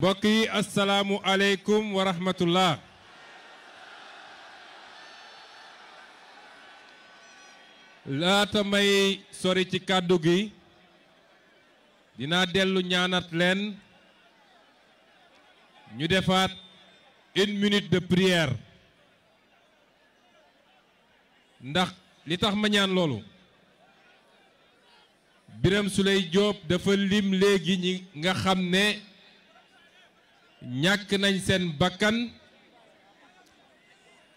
mbokk yi asalaamu aleykum wa rahmatullah laata may sori ci kàddu gi dinaa dellu ñaanat leen ñu defaat une minute de prière ndax li tax ma ñaan loolu Birame Souleye Diop dafa lim léegi ñi nga xam ne ñak nañ sen bakkan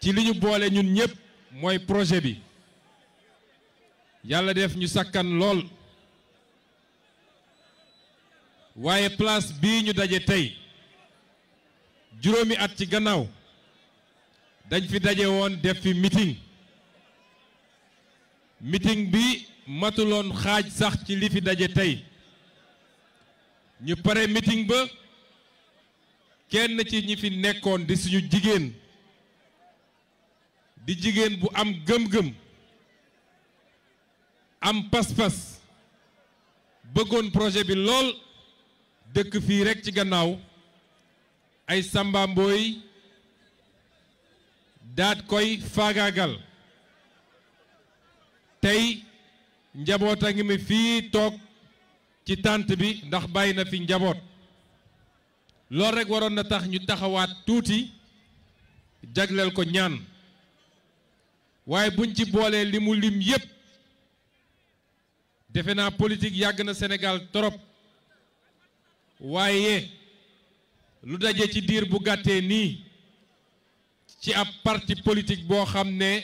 ci li ñu boole ñun ñëpp moy projet bi yalla def ñu sakkan lool waye place bi ñu dajé tay juromi at ci gannaaw dañ fi dajé won def fi meeting meeting bi matulon xaj sax ci li fi dajé tay ñu pare meeting ba kenn ci ñi fi nekkoon di suñu jigéen di jigéen bu am gëm-gëm am pas-pas bëggoon projet bi lool dëkk fii rekk ci gannaaw ay Samba Mboy daat koy faagaagal tey njaboot a ngi mi fii toog ci tànt bi ndax bàyyi na fi njaboot loolu rek waroon na tax ñu taxawaat tuuti jagleel ko ñaan waaye buñ ci boolee li mu lim yépp defe naa politique yàgg na Sénégal trop waaye lu daje ci diir bu gàttee nii ci ab parti politique boo xam ne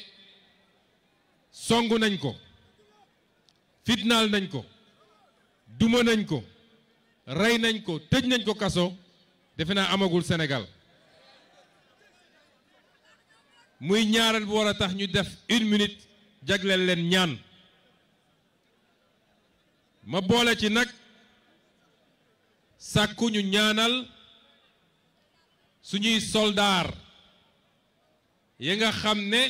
song nañ ko fitnaal nañ ko duma nañ ko rey nañ ko tëj nañ ko kaso defe naa amagul senegal muy ñaareel bu war a tax ñu def une minute leen ñaan ma boole ci nag sàkkuñu ñu ñaanal suñuy soldaar yi nga xam ne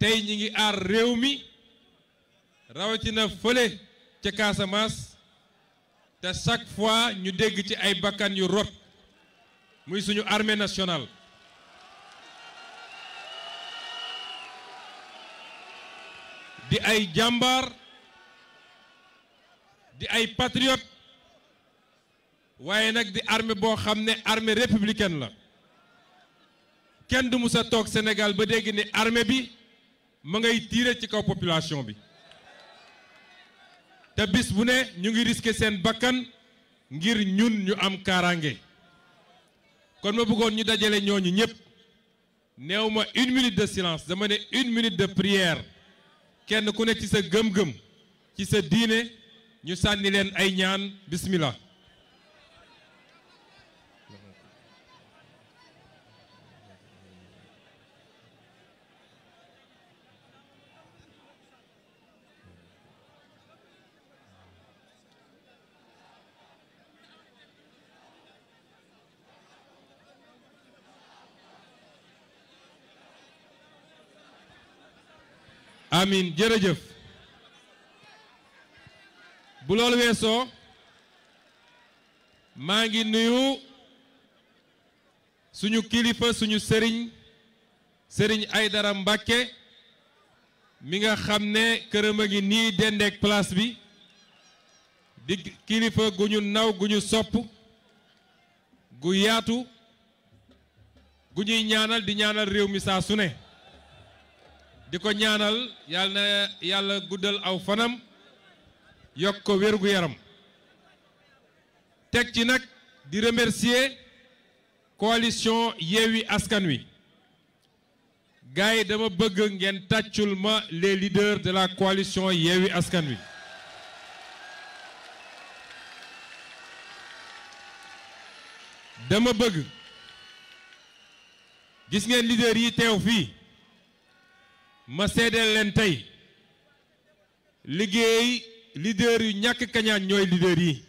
tey ñi ngi aar réew mi rawatina fële ca Casamance te chaque fois ñu dégg ci ay bakkan yu rot muy suñu armée nationale di ay jàmbaar di ay patriote waaye nag di armée boo xam ne armée républicaine la kenn du musa tok Sénégal ba dégg ni armée bi ma ngay tiire ci kaw population bi te bis bu ne ñu ngi risqué seen bakkan ngir ñun ñu am kaaraange kon ma bëggoon ñu dajale ñooñu ñëpp néew ma une minute de silence dama ne une minute de prière kenn ku ne ci sa gëm-gëm ci sa diine ñu sànni leen ay ñaan bismillah amin jerejeuf bu lol weso ma ngi nuyu suñu kilifa suñu sëriñ sëriñ Aydara Mbàkke mi nga xam ne këram ni ngi place bi di kilifa guñu naw guñu sopp gu yaatu guñuy ñaanal di ñaanal réew mi sa su diko ñaanal yàlla na guddal aw fanam yokk ko yaram tek ci nak di remercier coalition yewi Askan Wi gaay dama bëgg ngeen tatchul ma les leaders de la coalition yewi Askan Wi dama bëgg gis ngeen leader yi tew fii ma seedeel leen tey liggéey leader yu ñàkk kañaan ñooy leader yi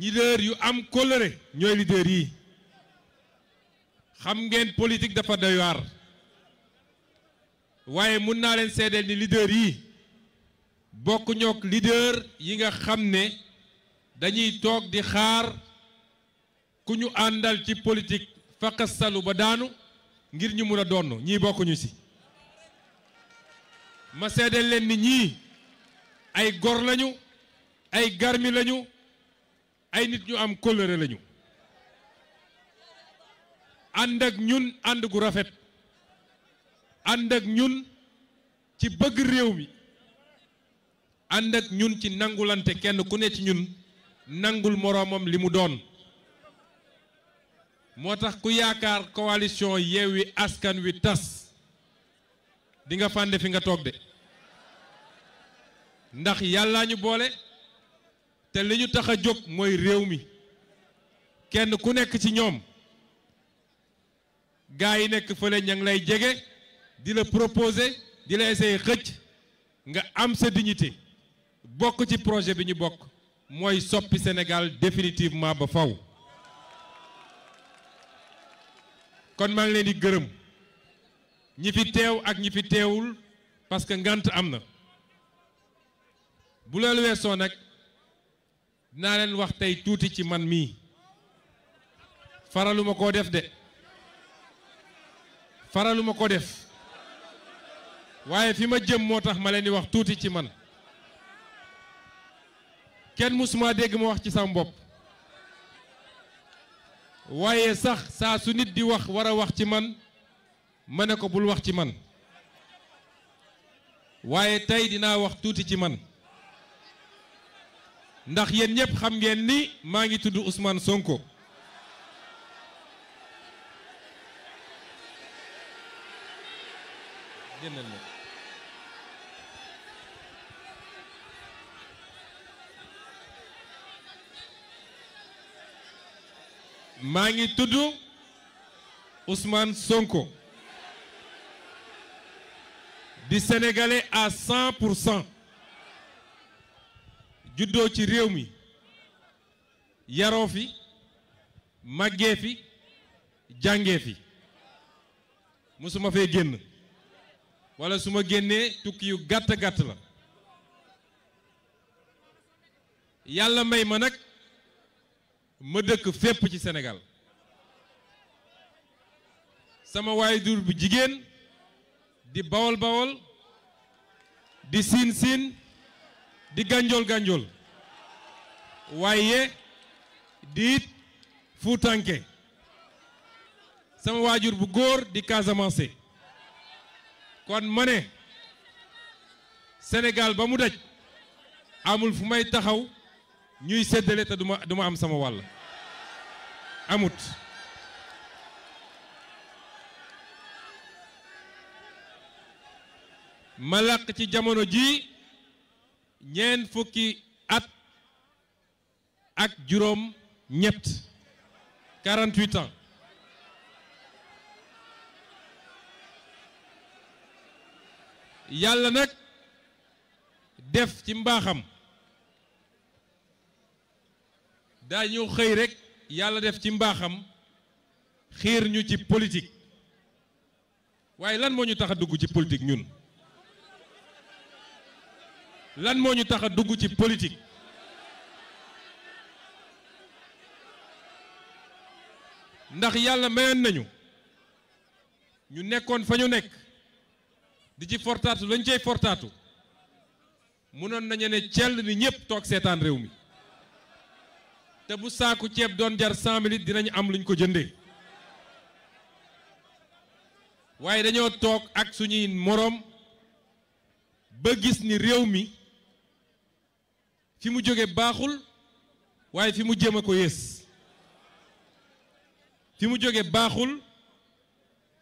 leader yu am kóllëre ñooy leader yi xam ngeen politique dafa doy waaye mun naa leen seedeel ni leader yi bokkuñook ñoog yi nga xam ne dañuy toog di xaar ku ñu àndal ci politique faqasalu ba daanu ngir ñu mun a donn ñii bokkuñu ci ma seedeel leen ni ñii ay gor lañu ay garmi lañu ay nit ñu am kóllëre lañu ànd ak ñun ànd gu rafet ànd ak ñun ci bëgg réew mi ànd ak ñun ci nangulante kenn ku ne ci ñun nangul moroomam li mu doon moo tax ku yaakaar coalition Yewwi Askan Wi tas dinga nga fi nga toog de ndax yàllaa ñu boole te li ñu tax a jóg mooy réew mi kenn ku nekk ci ñoom gaa yi nekk fële ña lay jege di la proposer di la essayer xëcc nga am sa dignité bokk ci projet bi ñu bokk mooy soppi Sénégal définitivement ba faw kon maa ngi leen di gërëm ñi fi teew ak ñi fi teewul parce que ngant am na bu loolu weesoo nag dinaa leen wax tey tuuti ci man mii faraluma koo def de faraluma ko def waaye fi ma jëm moo tax ma leen di wax tuuti ci man kenn musuma dégg ma wax ci sama bopp waaye sax saa su nit di wax war wax ci man ma ne ko wax ci man waaye tey dinaa wax tuuti ci man ndax yéen ñëpp xam ngeen ni maa ngi tudd usmaan Sonko maa ngi tudd Ousmane Sonko du Sénégalais à 100%. Nous sommes en Réumi. Yarofi, Maggefi, Djangefi. Nous sommes en Voilà, nous sommes en train de faire des choses. Yalla may ma nak ma deuk fepp ci Sénégal sama waye dur bu jigène di bawol bawol di siin siin di gànjool gànjool waaye diit fuutanke sama waajur bu góor di Casamance kon ma ne Sénégal ba mu daj amul fu may taxaw ñuy séddale te duma duma am sama wàll amut ma làq ci jamono ji ñeent fukki at ak juróom ñett 48 ans yàlla nag def ci mbaaxam daañu xëy rek yàlla def ci mbaaxam xiir ñu ci politik waaye lan moo ñu tax a dugg ci politik ñun lan moo ñu tax a dugg ci politique ndax yàlla mayoon nañu ñu nekkoon fa ñu nekk di ci fortaatu lañ cey fortaatu mënoon nañu ne cell ni ñëpp toog seetaan réew mi te bu saaku ceeb doon jar cent mille dinañ am luñ ko jënde waaye dañoo toog ak suñuy moroom ba gis ni réew mi fi mu jóge baaxul waaye fi mu jëm a ko yées fi mu jóge baaxul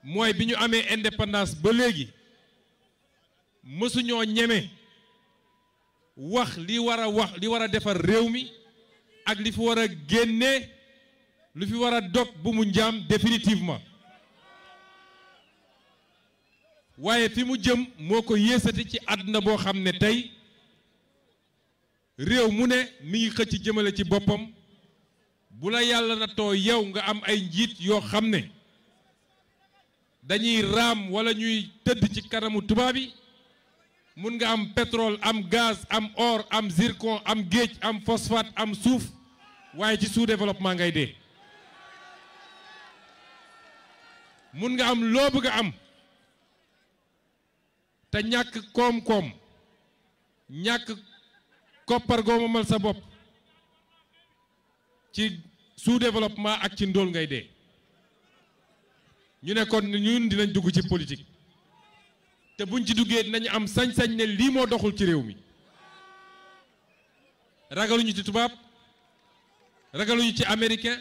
mooy bi ñu amee indépendance ba léegi mësuñoo ñeme wax li war a wax li war a defar réew mi ak li fi war a génne lu fi war a dog bu mu njaam définitivement waaye fi mu jëm moo ko yéesati ci àdduna boo xam ne tey réew mu ne mi ngi xëcc jëmale ci boppam bu la yàlla na too yow nga am ay njiit yoo xam ne dañuy raam wala ñuy tëdd ci kanamu tubaab yi mun nga am petrol am gaz am or am zircon am géej am phosphate am suuf waaye ci sous développement ngay dee mun nga am loo bëgg a am te ñàkk koom-koom ñàkk koppar goo moomal sa bopp ci sous-développement ak ci ndóol ngay dee ñu ne kon ñun dinañ dugg ci politique te buñ ci duggee dinañ am sañ-sañ ne lii moo doxul ci réew mi ragaluñu ci tubaab ragaluñu ci américain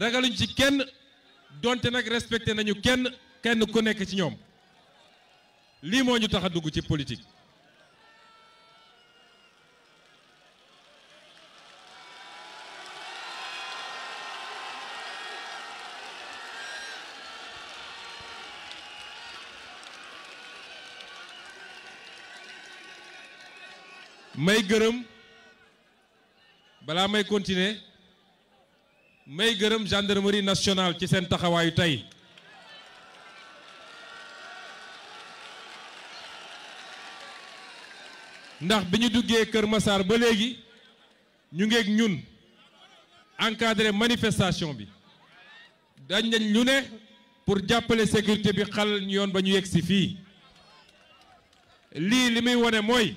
ragaluñu ci kenn donte nag respecté nañu kenn kenn ku nekk ci ñoom lii moo ñu tax a dugg ci politique may gërëm balaa may continuer may gërëm gendarmerie nationale ci seen taxawaayu tey ndax bi ñu Kër ba ñu ñun manifestation bi pour jàppale sécurité bi ñu li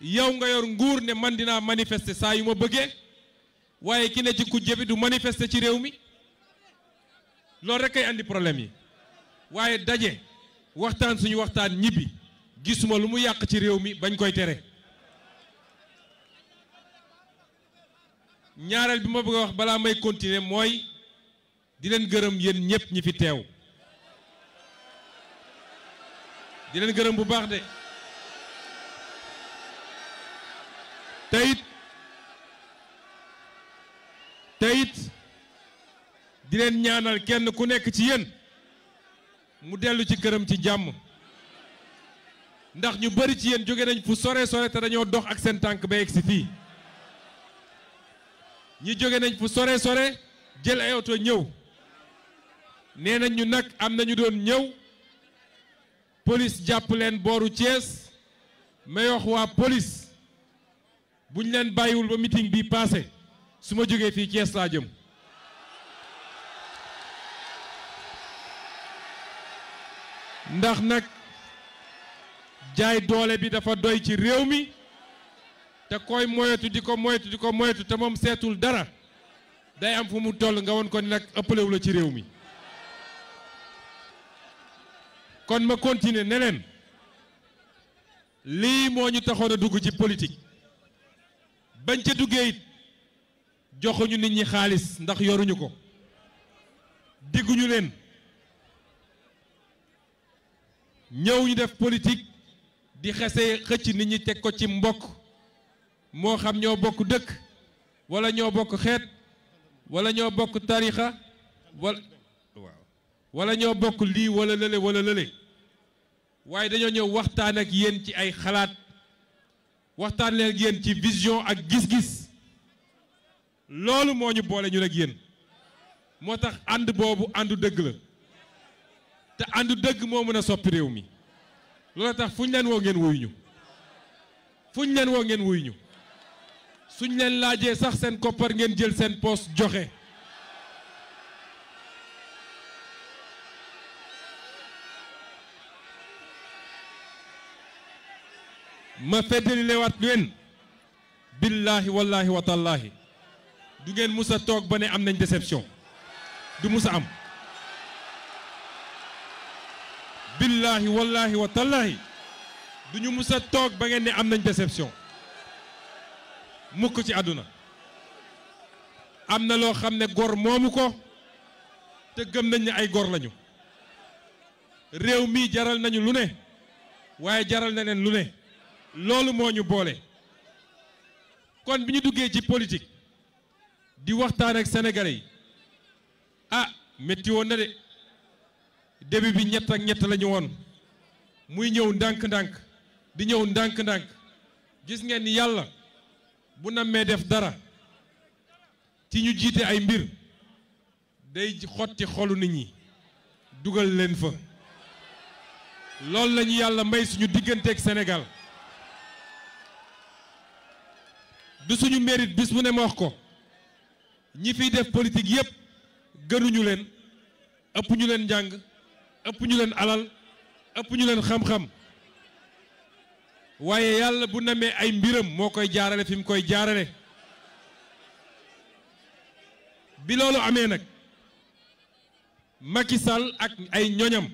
yow nga yor nguur ne man dinaa manifester saa yu ma bëggee waaye ki ne ci kujje bi du manifester ci réew mi loolu rek ay indi problème yi waaye daje waxtaan suñu waxtaan ñibbi gisuma lu mu yàq ci réew mi bañ koy tere ñaareel bi ma bëgg a wax balaa may continuer mooy di leen gërëm yéen ñëpp ñi fi teew di gërëm bu baax de teyit teyit di leen ñaanal kenn ku nekk ci yéen mu dellu ci këram ci jàmm ndax ñu bari ci yéen jóge nañ fu sore sore te dañoo dox ak seen tànk ba yegg si ñi jóge nañ sore sore jël ay oto ñëw nee nañ nag am nañu doon ñëw polis jàpp leen booru Thiès may waa police bu ñu leen bàyyiwul ba meeting bi passé su ma jógee fii Thiès laa jëm ndax nag jaay doole bi dafa doy ci réew mi te koy moyetu di ko moyetu di ko moyetu te moom seetul dara day am fu mu toll nga won ko ni nag ëppalewu ci réew mi kon ma continuer ne leen lii moo ñu taxoon a dugg ci politique bañ ca duggé it joxuñu nit ñi xaaliss ndax yoruñu ko digguñu len ñëw ñu def politique di xese xëcc nit ñi tek ko ci mbokk mo xam ño bokk dekk wala ño bokk xet wala ño bokk tariixa wala wala ño bokk li wala lele wala lele waye dañu ñew waxtaan ak yeen ci ay xalaat waxtaan leen ci vision ak gis-gis loolu moo ñu boole ñu ak yéen moo tax ànd boobu àndu dëgg la te àndu dëgg moo mën a soppi réew mi loolu tax fu ñu leen woo ngeen wuyu ñu fu ñu leen woo ngeen wuyu ñu suñ leen laajee sax seen koppar ngeen jël seen poos joxe ma feddali lewaat leen billaahi wallaahi wa tallaahi du ngeen mus a toog ba ne am nañ déception du musa a am billaahi wallaahi wa tallaahi du ñu mus a toog ba ngeen ne am nañ déception mukk ci àdduna am na loo xam ne gor moomu ko te gëm nañ ne ay gor lañu réew mii jaral nañu lu ne waaye jaral na leen lu ne loolu moo ñu boole kon bi ñu duggee ci politique di waxtaan ak senegal yi ah métti na de début bi ñett ak ñett la woon muy ñëw ndànk-ndànk di ñëw ndànk-ndànk gis ngeen ni yàlla bu nammee def dara ci ñu jiite ay mbir day xotti xolu nit ñi dugal leen fa loolu lañu yàlla may suñu digganteeg senegal du suñu mberit bis mu ne ma wax ko ñi fiy def politique yépp gënuñu leen ëpp ñu leen njàng ëpp ñu leen alal ëpp ñu leen xam-xam waaye yàlla bu namee ay mbiram moo koy jaarale fi mu koy jaarale bi loolu amee nag Macky Sall ak ay ñoñam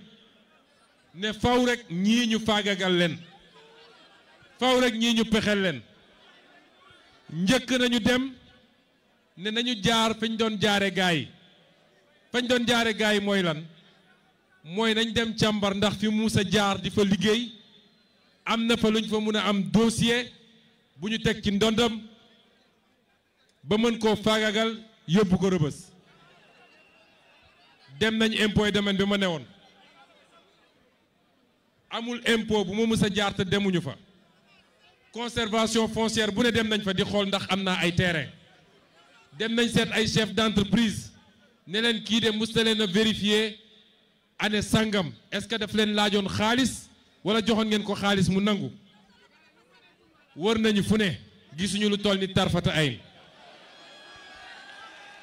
ne faw rek ñii ñu faagagal leen faw rek ñii ñu pexel leen njëkk nañu dem ne nañu jaar fañ doon jaare gaay yi fañ doon jaare gaay yi mooy lan mooy nañ dem càmbar ndax fi Moussa jaar di fa liggéey am na fa luñ fa mën a am dossier bu ñu teg ci ndondam ba mën koo faagagal yóbbu ko rëbës dem nañ impôt domaine bi ma woon amul impôt bu ma mës a jaar te demuñu fa conservation foncière bu ne dem nañ fa di ndax ay chef d'entreprise ne len de vérifier sangam est-ce que daf len lajone Khalis? wala Vous ngeen ko xaalis mu nangou wër nañ fu ne gisuñu lu toll tarfata ay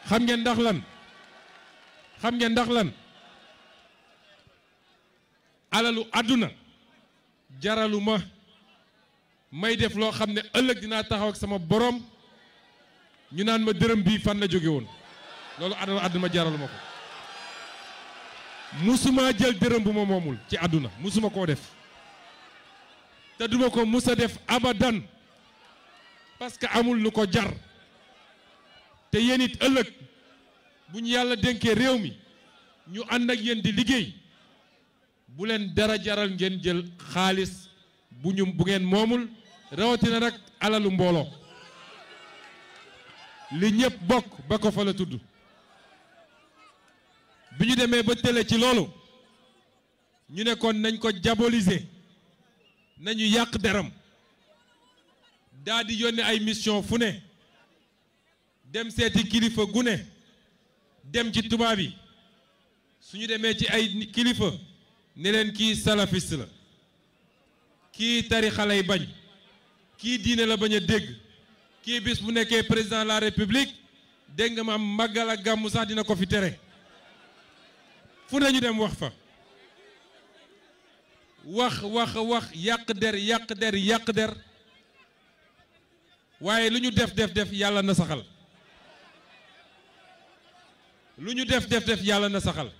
xam ngeen ndax lan xam ndax lan alalu may def loo xam ne ëllëg dinaa taxaw ak sama boroom ñu naan ma dërëm bii fan la jóge loolu àdduna àdduna jaral ma ko musuma jël dërëm bu ma moomul ci àdduna musuma koo def te duma ko mus a def abadan parce que amul lu ko jar te yéen it ëllëg bu ñu yàlla dénkee réew mi ñu ànd ak yéen di liggéey bu leen dara jaral ngeen jël xaalis bu ñu bu ngeen moomul rawatina nag alalu mbooloo li ñëpp bokk ba ko fa la tudd bi ñu demee ba tële ci loolu ñu nekkoon nañ ko diaboliser nañu yàq deram daldi di yónne ay mission fu ne dem seeti kilifa gu ne dem ci tubaab yi suñu demee ci ay kilifa ni leen kii salafiste la kii tarixa lay bañ kii diine la bañ a dégg kii bis bu nekkee président la république dégg nga ma am màggal gàmmu sax dina ko fi tere fu ñu dem wax fa wax wax wax yàq der yàq der yàq der waaye lu ñu def def def yàlla na saxal lu ñu def def def yàlla na saxal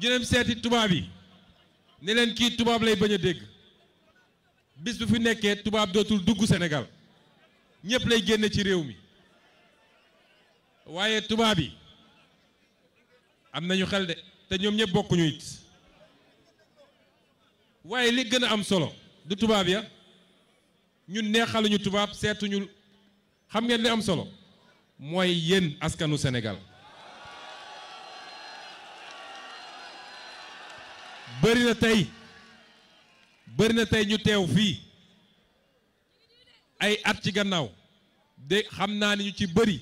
ñu seeti tubaab yi ne leen kii tubaab lay bañ a dégg bis bu fi nekkee tubaab dootul dugg Sénégal ñëpp lay génne ci réew mi waaye tubaab yi am nañu xel de te ñoom ñëpp bokkuñu it waaye li gën a am solo du tubaab ya ñun neexaluñu tubaab seetuñu xam ngeen li am solo mooy yéen askanu Sénégal tey bëri na tey ñu teew fii ay at ci gannaaw dé xam naa ni ñu ci bëri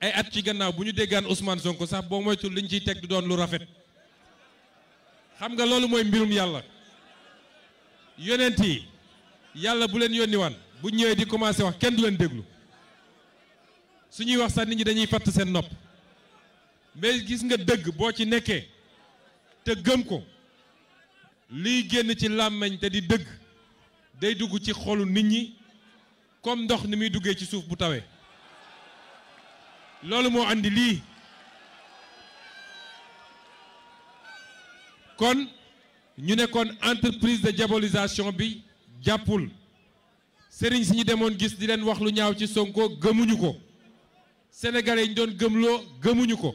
ay at ci gannaaw bu ñu déggaan Ousmane Sonko sax boo moytul liñ ciy teg du doon lu rafet xam nga loolu mooy mbirum yàlla yonent yi yàlla bu leen yónni bu ñëwee di commencé wax kenn du leen déglu suñuy wax sax nit ñi dañuy fatt seen nopp mais gis nga dëgg boo ci nekkee te gëm ko liy génn ci làmmiñ te di dëgg day dugg ci xolu nit ñi comme ndox ni muy duggee ci suuf bu tawee loolu moo andi lii kon ñu nekkoon entreprise de diabolisation bi jàppul sëriñ si ñu demoon gis di leen wax lu ñaaw ci Sonko gëmuñu ko sénégalais yi ñu doon gëmloo gëmuñu ko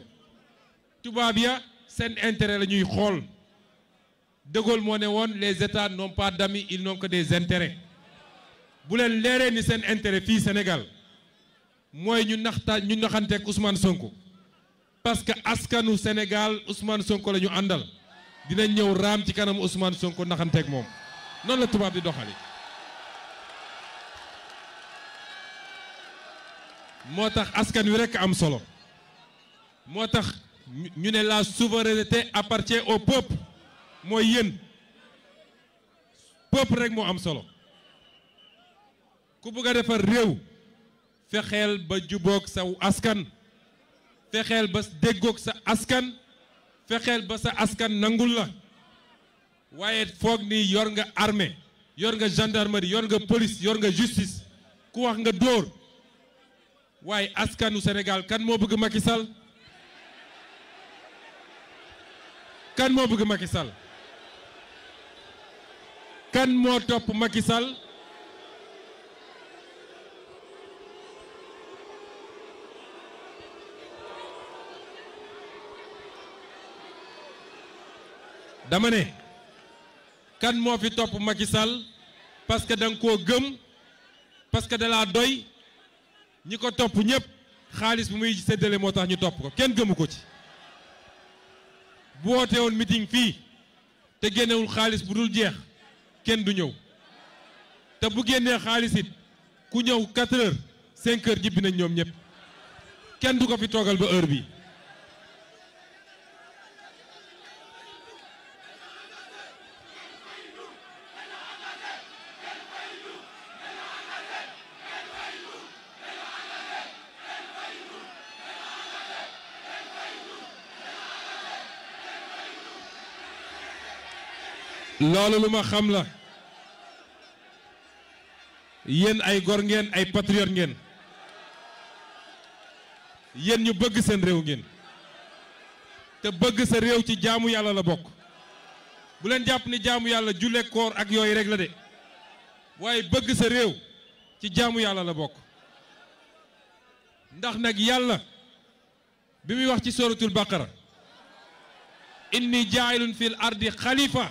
tubaab ya seen intérêt la ñuy xool De Gaulle les états n'ont pas d'amis ils n'ont que des intérêts Vous voulez l'aider ni un intérêt fi Sénégal Nous, ñu naxta ñu Ousmane Sonko parce que askanu Sénégal Ousmane Sonko la ñu àndal dina un ram, ci kanam Ousmane Sonko nous moom Non, la di doxali wi Rek am solo la souveraineté appartient au peuple Moyen, yeen peuple rek mo am solo ku bëgg defal rew fexel ba jubok sa askan fexel ba degok sa askan fexel ba sa askan nangul la waye fogg ni yor nga armée yor nga gendarmerie yor nga police yor nga justice ku wax nga dor waye askanu Sénégal kan mo bëgg makissal kan mo bëgg makissal kan mo kan top Macky Sall dama ne kan mo fi top Macky Sall parce que dang ko gem parce que de la doy ñi ko topp ñëpp xaalis bu muy séddale moo tax ñu top ko ken ci bu won meeting fi te génnewul xaliss bu dul jeex kenn du ñëw te bu génnee xaalis ku ñëw 4 heures 5 heures jibbi nañ ñoom ñëpp kenn du ko fi toogal ba heure bi loolu lu ma xam la yéen ay gor ngeen ay patriote ngeen yéen ñu bëgg seen réew ngeen te bëgg sa réew ci jaamu yàlla la bokk bu leen jàpp ni jaamu yàlla julle koor ak yooyu rek la de waaye bëgg sa réew ci jaamu yàlla la bokk ndax nag yàlla bi muy wax ci sooratul baqara inni jaayilun fil ardi xalifa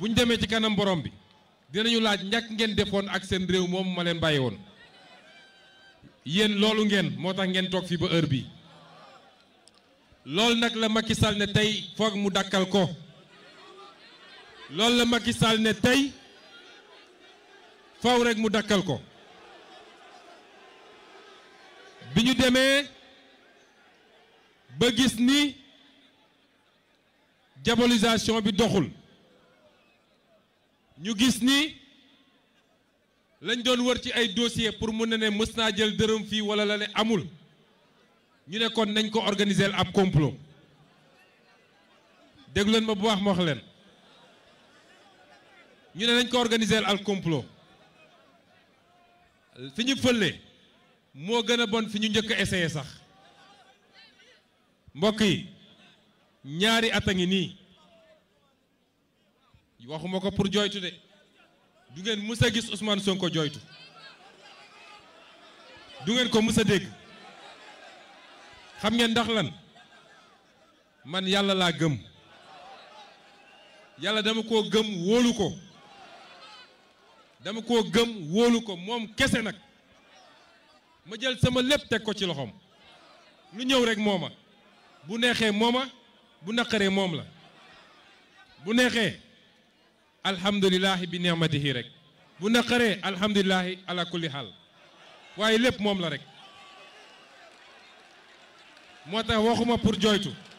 bu ñu demee ci kanam borom bi dinañu laaj ñàkk ngeen defoon ak seen réew moom ma leen bàyyi woon yéen loolu ngeen moo tax ngeen toog fii ba heure bi loolu nag la Macky Sall ne tey foog mu dakkal ko loolu la Macky Sall ne tey faw rek mu dakkal ko bi ñu demee ba gis ni diabolisation bi doxul ñu gis ni lañ doon wër ci ay dossier pour mën na ne mës naa jël dërëm fii wala la ne amul ñu ne kon nañ ko organiser ab complot déglu leen ma bu baax ma wax leen ñu ne nañ ko organiser al complot fi ñu fële moo gën a bon fi ñu njëkk a sax mbokk yi ñaari at a ngi nii waxuma ko pour jooytu de du ngeen mës a gis Ousmane Sonko jooytu du ngeen ko mësa dégg xam ngeen ndax lan man yàlla laa gëm yàlla dama koo gëm wóolu ko dama koo gëm wóolu ko moom kese nag ma jël sama lépp teg ko ci loxoom lu ñëw rek mooma bu neexee mooma bu naqaree moom la bu neexee الحمد لله بنعمة رك بو الحمد لله على كل حال واي لب موم لا رك